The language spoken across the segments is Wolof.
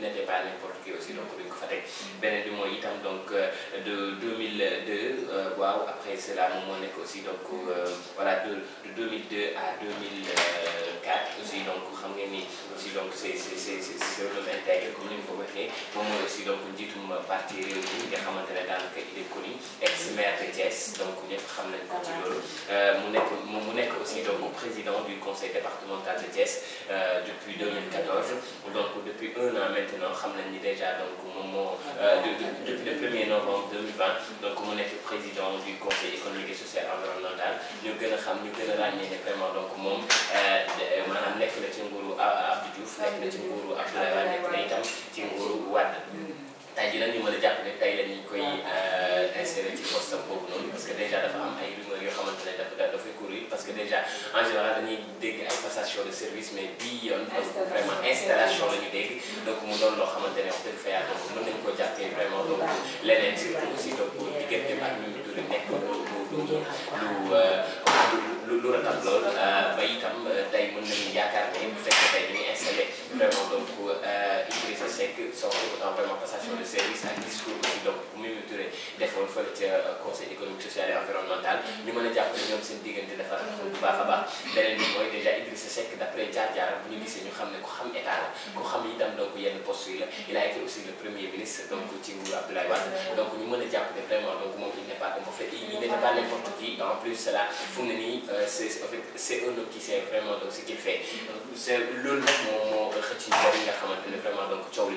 n'était pas n'importe qui aussi donc duñ ko fa teg mm. beneen bi mooy itam donc euh, de 2002 euh, waaw après cela moom moo nekk aussi donc euh, de de 2002 à 2004 aussi donc xam ngeen ni aussi donc c'est c'est c'est c'est le intégré comme ni nga ko waxee moom mooy aussi donc njiitum parti réew mi nga xamante ne daanaka il est connu ex maire de Thiès donc xam nañ ko ci loolu mu nekk mu nekk aussi donc président du conseil départemental de Thiès depuis 2014 donc depuis un an xamante noonu xam nañ ni déjà donc moom moo euh, ah, depuis le premier novembre 2020 donc mu nekk président du conseil économique et social environnemental ñu gën a xam ñu gën a ràññee ne donc moom euh, maanaam nekk na ci nguuru Abdou Diouf nekk na ci nguuru Abdoulaye Wade nekk na itam ci nguuru Wade mm. tey jii nag ñu mën a jàpp ne la ñu koy euh, insérer ci poste am noonu parce que déjà dafa am ay rumeur yoo xamante ne dafa dafay courir parce que déjà en général dañuy dégg ay passation de service mais bii yoon. vraiment installation la ñu dégg. donc mu doon loo xamante ne wax dëgg fa yàlla donc mën nañu ko jàppee vraiment donc leneen surtout aussi donc diggante ak ñu ngi lu lu lu lu ratat lool euh, ba itam euh, tey mën nañu yaakaar ne bu fekkee tey dañuy installé vraiment donc Idrissa Seck soxla autant vraiment service ak discours aussi donc bu Mimi Touré defoon fële ca euh, conseil économique social et environnemental mm-hmm. ñu mën a jàpp ñoom seen diggante dafa rafetlu bu baax a baax mm-hmm. beneen bi mooy déjà Idrissa Seck d'après jaar-jaaram bu ñu gisee ñu xam ne ku xam état ku mm-hmm. xam itam donc yenn poste yi la il a été aussi le premier ministre donc ci nguuru Abdoulaye Wade donc ñu mën a jàpp ne vraiment donc moom il n'est pas en fait il n'est pas n'importe en plus cela fu mu nii euh, c'est en fait c'est un homme qui sait vraiment donc moo moo xëcc ñu nga xamante ne vraiment donc coow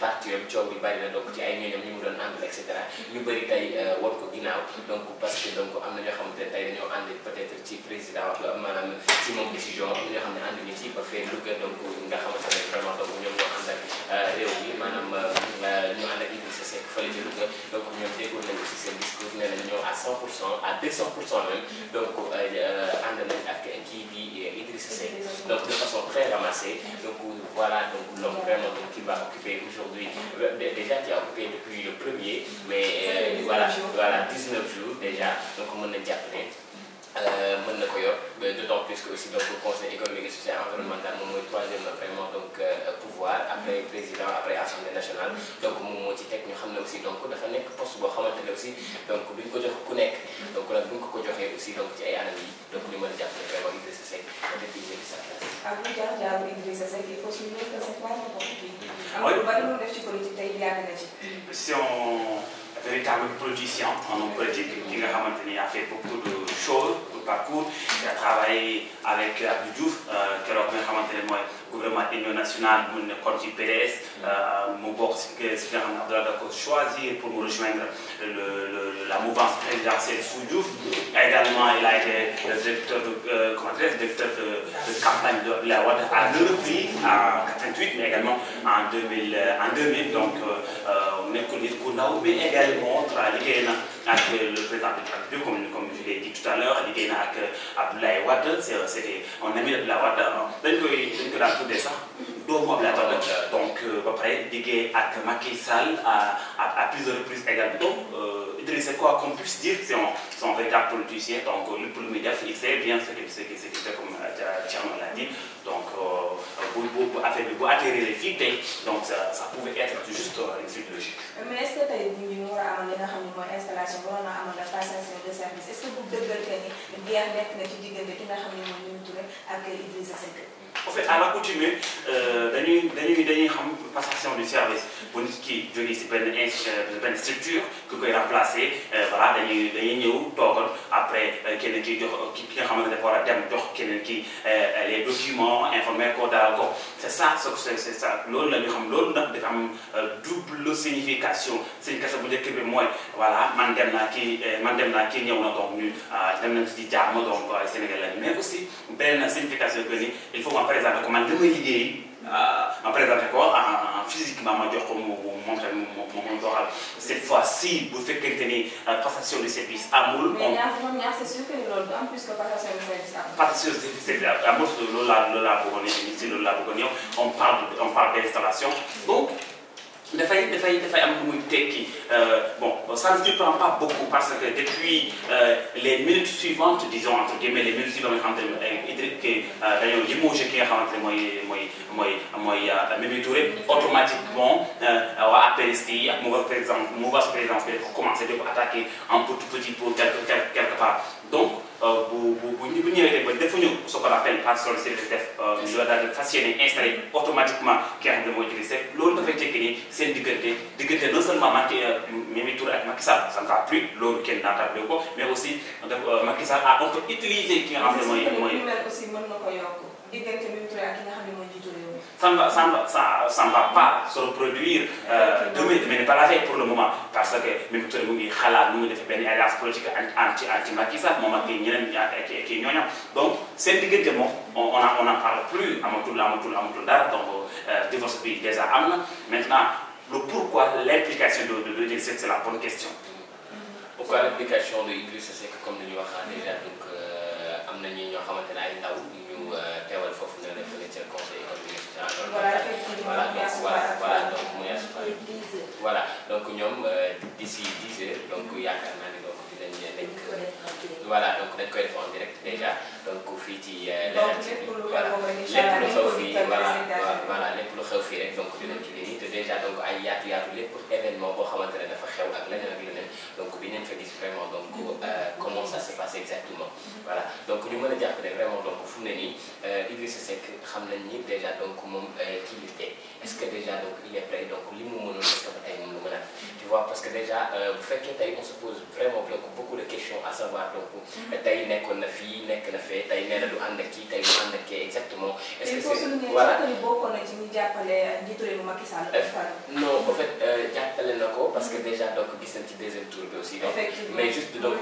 parti am coow li bari na ci ay ñooñam ñu mu doon àndal et ñu bari tey euh, war ko ginnaaw donc parce que donc am na ñoo xamante ne tey dañoo ànd peut-être ci président euh, maanaam ci moom décision am na ñoo xam ne ànd ñu ci ba fee Louga donc nga xam ne vraiment donc ñoom ñoo ànd ak réew mi maanaam fële ca Louga donc ñoom déggoon nañu si seen discours nee nañ ñoo à 100 pour cent pour cent même mm-hmm. donc euh, euh, ànd nañ kii bi Idrissa Seck mm-hmm. donc de façon très ramassée donc voilà donc l'homme mm-hmm. vraiment qui va occuper aujourd'hui euh, déjà qui a occupé depuis le premier mais voilà voilà jours déjà donc mën na jàpp ne Euh, mën na ko yor d'autant plus que aussi donc conseil économique et social environnemental moom mooy troisième vraiment donc euh, pouvoir après président après assemblée nationale donc moom moo ci teg ñu xam ne aussi donc dafa nekk poste boo xamante ne aussi donc duñ ko jox ku nekk donc nag ko ko joxee aussi donc ci ay anam yi donc ñu mën a jàpp ne vraiment Idrissa Seck depuis ah, ñu sa classe. lu jaar jaar Idrissa Seck il faut souligner que c'est pas n'importe qui. am na lu bari lu def ci politique tey yàgg na ci. si on véritable politicien, un homme politique qui a fait beaucoup de choses, de parcours, il a travaillé avec Abdou Diouf, qui euh, le gouvernement union nationale, mon compte PDS, mon box, choisi pour nous rejoindre la mouvance présidentielle sous Diouf. Également, il a été le directeur de, euh, directeur de, campagne de la WAD à deux reprises, en mais également en 2000, donc euh, nekk nit ku ndaw mais également tra liggéey na ak le président de la République comme comme je l'ai dit tout à l'heure liggéey na ak Abdoulaye Wade c' était un ami de Abdoulaye Wade dañ koy dañ ko daan tuddee sax doomu Abdoulaye Wade a ba pare liggéey ak Macky Sall à à plusieurs reprises également donc euh, Idrissa quoi qu'on puisse dire politicien donc euh, lépp lu muy def il sait bien ce comme euh, Thierno l'a donc bu bu bu affaire bi bu atterrir fii tey donc ça pouvait être juste une suite mais est-ce que tey bu ñu war a installation waroon na amal la passation de service est que bu dëggal que ni guerre nekk na ci diggante ki ne moom la ñu en fait à dañuy dañuy dañuy xam passation du service bu nit ki jógee si benn benn structure ku koy remplacer euh, voilà dañuy ñëw toogal après euh, kenn ki jox ki nga xamante ne dafa war a dem jox keneen ki euh, les documents informer ko dalal ko c'est ça c'est ça loolu la ñu xam loolu nag dafa am double signification signification bu njëkk bi mooy voilà man dem naa kii man dem naa kii ñëw na donc ñu ah, dem nañ ci jàmm donc Sénégal la mais aussi benn signification que ni il faut présenté ko man li may liggéey euh, ma présenté ko en physiquement ma jox ko mu moom tamit mu mu doxal cette fois ci bu fekkente ni euh, passation de service amul. mais ñaar ñoom ñaar c'est sûr que loolu en plus que passation de service amul. passation de service amul loolu laa loolu laa bëggoon a indi si loolu laa bëggoon yow on parle on parle d'installation donc. dafay dafay dafay am lu tekki euh, bon ça ne surprend pas beaucoup parce que depuis euh, les minutes suivantes disons entre guillemets les minutes suivantes nga xamante ne Idriss ki dañoo limogé ki nga xamante ne mooy mooy mooy mooy euh, Mimi Touré automatiquement waa APS yi ak mauvaise présence mauvaise présence bi dafa commencé di ko attaquer en petit petit pour quelque quelque bu ñu bu ñëwee rek ba defuñu ce qu'on appelle par sollicité def euh, ñu daal ki nga xam mooy Idrissa Seck loolu dafay tekki ni seen diggante diggante non seulement Macky euh, Mimi Touré ak Macky Sall ça ne va plus loolu kenn naatable aussi daf euh, a un peu ki nga xam ne mooy mooy ça euh, ne va, ça ne va, ça, ça ne va pas se reproduire euh, demain, demain n'est pas la pour le moment parce que même Touré mu ngi xalaat nu mu defee benn alliance politique anti anti Macky Sall moom ak ñeneen ak kii a donc seen diggante moom on on a on en parle plus amatul amatul amatul dara donc euh, divorce bi déjà am na maintenant le pourquoi l'implication de de de c'est la bonne question. pourquoi l'implication de Idrissa Seck comme ni ñu waxee euh, am na ñi xamante ne ay ndaw ñu teewal foofu voilà effectivement donc muy à voilà donc ñoom euh, d'ici 10 heures donc yaakaar naa ne donc. dañ ko voilà donc dañ koy def en direct déjà donc fii ci Leral TV voilà lépp lu xew fii voilà voilà déjà donc ay yaatu yaatu lépp événement boo xamante ne dafa xew ak leneen ak leneen donc dinañ fa gis vraiment donc euh, comment ça se passe exactement voilà donc ñu mën a jàpp ne vraiment donc fu mu ne nii euh, Idrissa Seck xam nañ ni déjà donc moom ci euh, lutte est donc li mu mënoon est tu vois parce que déjà bu fekkee tey on se pose vraiment donc à savoir donc tey nekkoon na fii nekk na fee tey nee na du ak kii tey du ànd ak kii exactement. est-ce que c'est voilà tey bokkoon na ci ñu jàppale njiitu euh, euh, na ko parce que mm-hmm. déjà donc gis nañ ci deuxième tour bi aussi. donc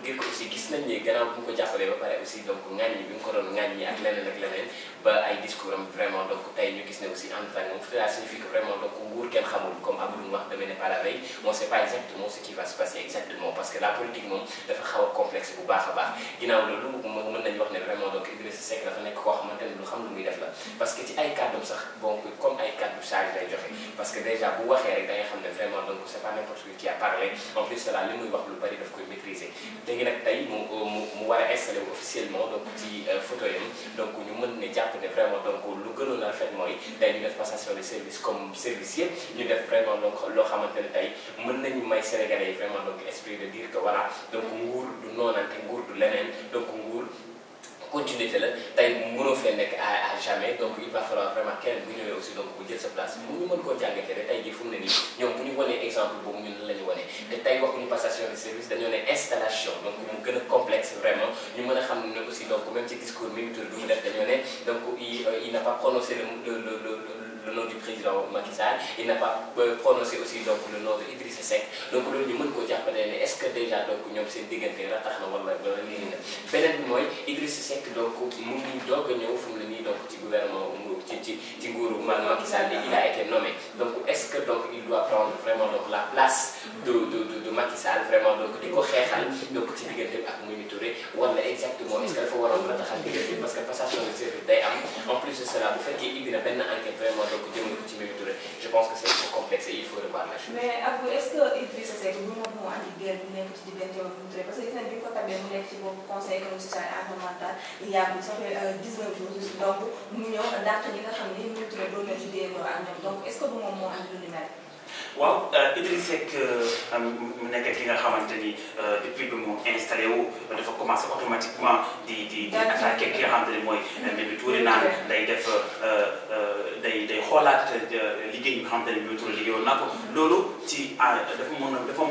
mais ni gannaaw bu ñu jàppalee ba pare aussi donc ŋàññi bi mu ko doon ŋàññi ak leneen ak leneen ba ay discours am vraiment donc tey ñu gis ne aussi en tant que cela signifie que vraiment donc kenn xamul comme Abdou wax demee ne pas la veille on sait pas exactement ce qui va se passer exactement bi moom parce que la politique moom dafa xaw a complexe bu baax a baax ginnaaw loolu mën nañu wax ne vraiment donc Idrissa Seck dafa nekk koo xamante lu xam lu muy def la parce que ci ay kàddum sax bon comme ay kàddu charge lay joxe parce que déjà bu waxee rek da xam ne vraiment donc c'est pas n'importe qui qui a parlé en plus cela li muy wax lu bari daf koy maîtriser léegi nag tey mu mu mu war a installé officiellement donc ci euh, photo yam donc ñu mën ne jàpp ne vraiment donc lu gënoon a rafet mooy tey ñu def passation de service comme service yëpp ñu def vraiment donc loo xamante ne tey mën nañu may esprit de dire que voilà donc nguur du noonante nguur du leneen donc nguur continuité la tey mënoo fee nekk à à jamais donc il va falloir vraiment keneen bu ñëwee aussi donc bu jël sa place mu koo jàngatee rek tey jii fu mu ñu wanee exemple boobu ñun ñu wanee te tey waxuñu passation dañoo ne installation donc a complexe vraiment ñu mën a xam ne aussi donc même ci discours militaire bi mu def dañoo ne donc il euh, n'a pas prononcé le le le le nom du président Macky Sall n'a pas euh, prononcé aussi donc le nom de Idrissa ñu mën koo jàppale déjà donc ñoom seen diggante ratax na wala wala lii la beneen bi mooy Idrissa Seck donc mu ngi doog a ñëw fu mu ne nii donc ci gouvernement ci ci ci nguuru Macky Sall bi il a été nommé donc il doit prendre vraiment donc la place de de de vraiment donc di ko xeexal donc ci diggante ak Mimi Touré wala exactement est-ce que dafa waroon la taxal diggante parce que passation de service day am en plus cela bu fekkee indi na benn vraiment donc jëmale ko je pense que c'est trop complexe et il faut revoir la chose. mais Abdou est-ce mu nekk ci boobu yi nga xam ne doon na tuddee ko ak ñoom donc est-ce que du moom moo am lu ni mel. waaw euh, Idriss Seck euh, mu nekk ki nga xamante ni euh, depuis bi mu wu dafa commencé automatiquement di di di attaqué ki nga xamante ni mooy Mimi Touré mm-hmm. naan day def day day xoolaat liggéey yi nga xamante ni Mimi Touré liggéeyoon na ko mm-hmm. loolu ci dafa mën a dafa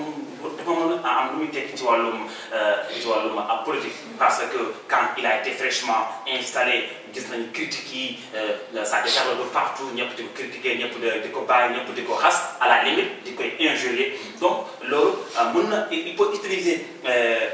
dafa mën a am lu muy tekki ci wàllum euh, ci wàllum ab politique parce que quand il a été fraîchement installé gis nañ critiques yi euh, ça déferle de partout ñëpp di ko critiquer ñëpp di ko bàyyi ñëpp di ko xas à la limite di koy injurier donc loolu euh, mën na il peut utiliser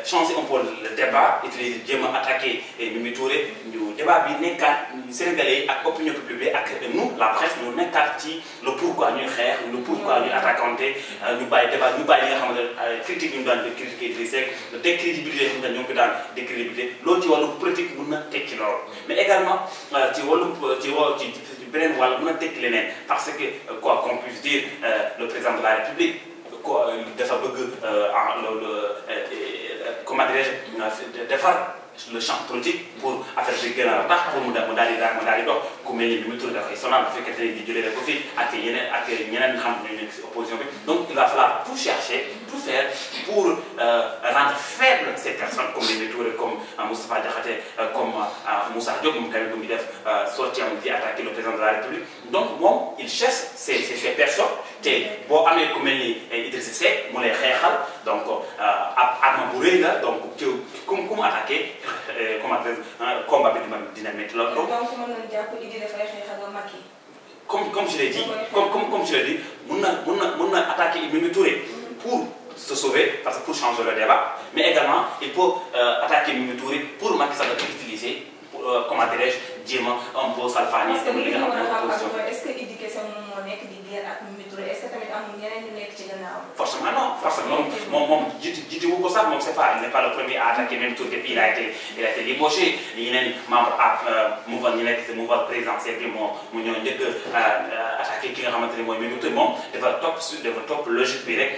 changer un peu le débat utiliser jéem a attaquer Mimi Touré ñu débat bi nekkaat Sénégalais ak opinion publique ak nous la presse ñu nekkaat ci le pourquoi ñuy xeex le pourquoi ñuy attaquanté ñu bàyyi ñu bàyyi li critique bi ñu daan di critiquer Idriss Seck le décrédibilité xam nga ñoo ngi daan décrédibilité loolu ci wàllu politique mun na tekki loolu mais également euh, ci wàllu ci wa ci beneen wàll mun na tekki leneen parce que euh, quoi qu'on puisse dire euh, le président de la République quoi dafa bëgg en loolu comment dirais-je defar le champ politique pour affaire bi gën a tax pour mu daal di daal mu daal di dox ku mel ni bi mu tur dafay sonal bu fekkee tey di jëlee rek ko fii ak yeneen ak ñeneen opposition bi donc il va falloir tout chercher tout faire pour euh, rendre faible ces personnes comme ni ñu turee comme euh, Moustapha Diakhaté euh, comme Moussa Diop moom tamit bu def sortie am di attaquer le président de la République donc moom il cherche ces ces personnes te boo amee ku mel ni Idrissa Seck mu arme bu rëy la donc ci ku mu ku mu attaqué euh, euh, comment dire combat bi dina dina métti donc mën nañu jàpp liggéey dafay xeex ak Macky. comme comme comme je l'ai dit mun na mun na pour se sauver parce que pour changer le débat mais également il peut euh, attaquer Mimi Touré pour Macky Sall ko utiliser comment dirais-je a un peu salfaañe. li nga nekk di guerre ci gannaaw. forcément non forcément moom moom jiitu jiitu wu ko sax moom c'est pas il n'est pas le premier à attaquer même Touré il a été il a été débauché yeneen membre ak ah, euh, mouvement ñu nekk mouvement présidentiel moo mu ñëw njëkk a euh, euh, attaqué ki nga xamante ne mooy Mimi Touré moom dafa topp su dafa topp logique bi rek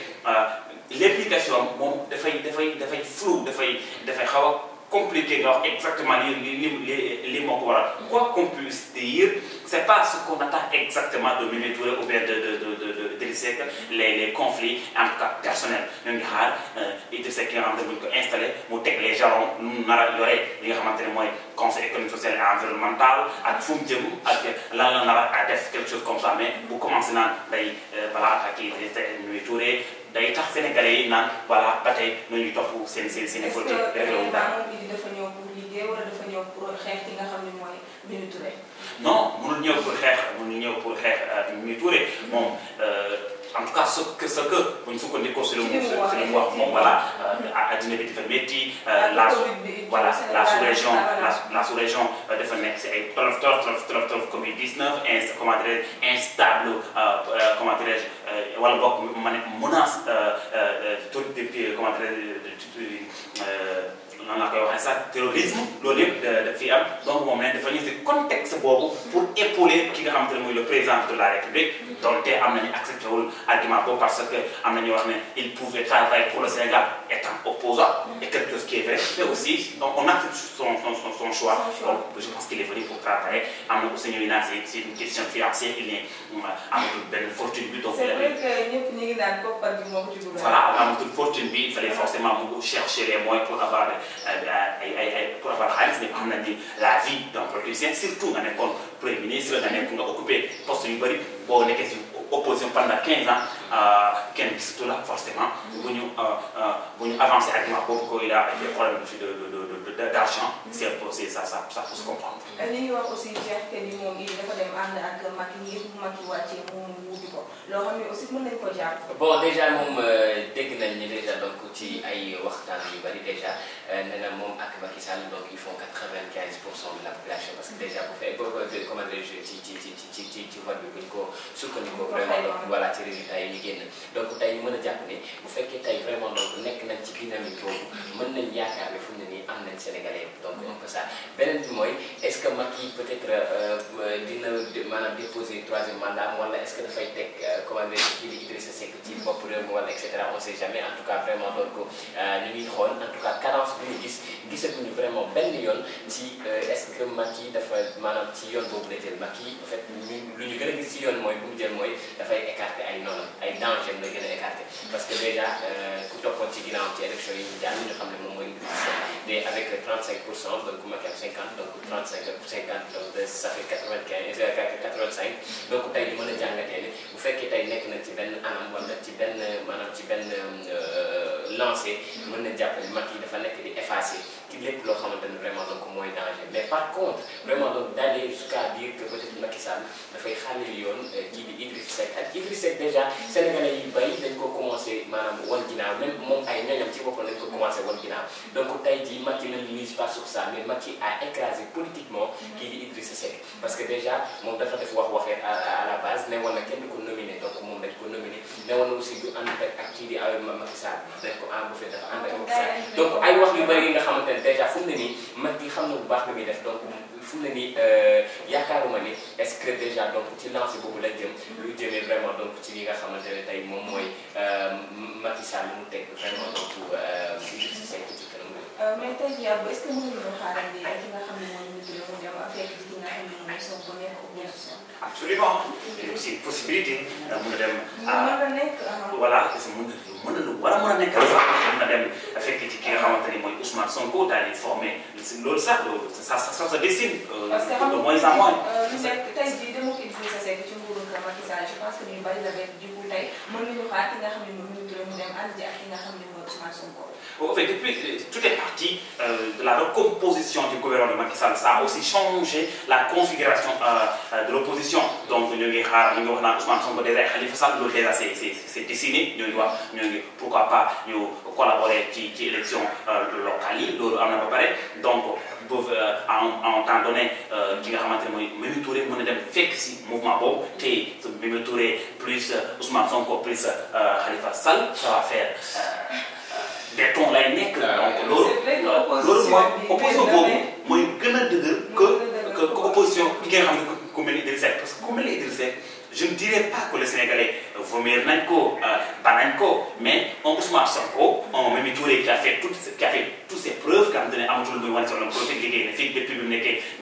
l'implication moom dafay dafay dafay flou dafay dafay xaw compliqué nga wax exactement li li li li moo ko waral quoi qu'on puisse dire c'est pas ce qu'on attend exactement de Mimi Touré de de de de Idrissa Seck les en tout cas ngi xaar euh, Idrissa Seck yi nga ko installé mu teg les jalons mu nar a yore li nga xamante ne mooy conseil économique social et environnemental ak fu la nar a def quelque chose comme ça mais bu commencé naan day balaa euh, ak Idrissa day tax sénégalais yi naan voilà ba tey nañu topp seen seen xeex bu ñu ñëw pour xeex ñu euh, tuure moom euh, en tout cas ce que ce que si lu mu si lu mu moom voilà euh, addina bi dafa la voilà la sous-région la sous-région dafa nekk si ay tolof tolof tolof tolof tolof covid 19 in comment dirais instable comment dirais wala bokk ma ne menace tout depuis comment dirais noonu laa koy waxee sax terrorisme loolu yëpp daf fi am donc moom leen dafa ñu si contexte boobu pour épauler ki nga xamante ne mooy le président de la république donte am nañu accepté wul argument boobu parce que am nañu wax ne il pouvait travailler pour le Sénégal étant opposant est quelque chose qui est vrai, mais aussi on, on accepte son, son, son, son, choix. Donc, je pense qu'il est venu pour travailler. Amadou Seigneurina, c'est une question financière, il est Amadou Ben Fortune Bi. C'est vrai que nous sommes pas du monde du gouvernement. Voilà, Amadou Fortune Bi, il fallait forcément chercher les profal xaalis ñëpp xam nañ ni la vie d'un politicien surtout nga nekkoon premier ministre nga nekk nga occupé poste yu bëri boo nekkee si opposition pendant ans kenn gisatu la forcément mm. bu ñu euh, euh, bu ñu avancé argument boobu ko il a des problèmes de d' argent. c' est sa ça ça faut se comprendre. li ñu wax aussi Cheikh ni moom i dafa dem ànd ak Macky ngir Macky wàccee moom wuti ko loo xam ne aussi mën nañu ko jàpp. bon déjà moom euh, dégg nañ ni déjà donc ci ay waxtaan yu bari déjà euh, nee na moom ak Macky Sall donc il font quatre-vingt-quinze pour cent de la déjà bu fekk comment dire ci ci ci ci ci ci ci ci ñu génn donc tey ñu mën a fekkee tey vraiment donc nekk nañ ci dynamique boobu mën nañ yaakaar ne fu ne nii am nañ Sénégalais yëpp donc un peu ça beneen bi mooy est-ce que Macky peut-être euh, euh, dina maanaam déposer troisième mandat wala est-ce que dafay teg euh, comment dire kii di bopp réew mi wala et cetera on sait jamais en tout cas vraiment donc ñu ngi xool en tout cas cadence bi ñu gisatuñu vraiment benn yoon ci euh, est-ce que Macky dafa maanaam ci yoon boobu la jël Macky en lu ñu yoon mooy bu mooy dafay écarter ay noonam ay danger la que déjà euh, ku toppoon ci ginnaaw ci élection yi moom mooy mais avec 35 pour cent donc Macky am 50 donc 35 50 donc ça fait euh, jàngatee ne bu fekkee tey nekk na ci benn anam wala ci benn maanaam ci benn lancé mën na jàpp ne Macky dafa nekk di effacé ci lépp loo xamante ne vraiment donc mooy danger mais par contre vraiment donc d'aller jusqu'à dire que peut-être Macky Sall dafay xàllil yoon euh, kii di Idriss Seck ak Idriss Seck déjà sénégalais yu bari dañ ko commencé maanaam wan ginnaaw moom ay ñoñam ci boppam dañ ko commencé wan ginnaaw donc tey jii Macky ne mise pas mais Macky a écrasé politiquement kii di Idriss Seck parce que déjà moom dafa def wax waxee à la base ne woon na kenn ko nominé newoon na aussi du ànd ak kii di awema Macky Sall dañ ko embauché dafa ànd ak Macky Sall donc ay wax yu bari yi nga xamante ne dèjà fu mu ne nii Macky xam na bu baax li muy def donc fu mu ne nii euh, ni est-ce que dèjà donc ci lancé boobu la jëm mm-hmm. lu jëmee vraiment donc ci li nga xamante ne tey moom mooy euh, Macky Sall mu teg vraiment donc si si saytu ci kanam euh, mais tey jii est-ce que mënuñu xaarandi ak ki nga xam ne mooy avec son première opposition. Absolument. C'est une possibilité. mën na dem voilà mën na war a mën a nekkal sax mën na dem fekk ci ki nga xamante ni mooy Ousmane Sonko daal di formé loolu sax loolu ça ça se dessine. parce que xam nga tey jii dama ko Idrissa Seck ci nguuru oh, eh, eh, Macky Sall je pense que ñu bari la benn jiwu tey mën nañu xaar ki nga xam ne moom mu dem ànd ji ak ki nga xam ne mooy Ousmane Sonko. en fait depuis toutes les parties de la recomposition du gouvernement de Macky Sall ça aussi changer la configuration euh, euh, de l'opposition donc ñoo ngi xaar ñu ngi wax naan Ousmane Sonko déjà Khalifa Sall loolu déjà c'est c'est c'est dessiné ñoo ngi pourquoi pas ñu collaborer ci ci élection euh, locale yi loolu am na ba pare donc boobu en en temps donné ki nga xamante ne mooy Mimi Touré mën na dem fekk si mouvement boobu te Mimi Touré plus Ousmane Sonko plus Khalifa Sall ça va faire béton lay nekk ah, donc loolu loolu mooy opposition mooy gën a dëgër que que que opposition bi nga ne ku mel ni parce que ku mel ni je ne dirais pas que le Sénégalais vomir nañ ko euh, ba nañ ko mais on Ousmane Sonko on Mimi Touré qui a qui a fait toutes ses preuves nga xam te ne amatul muy wane sax la mu profil liggéey na fii depuis bi mu nekkee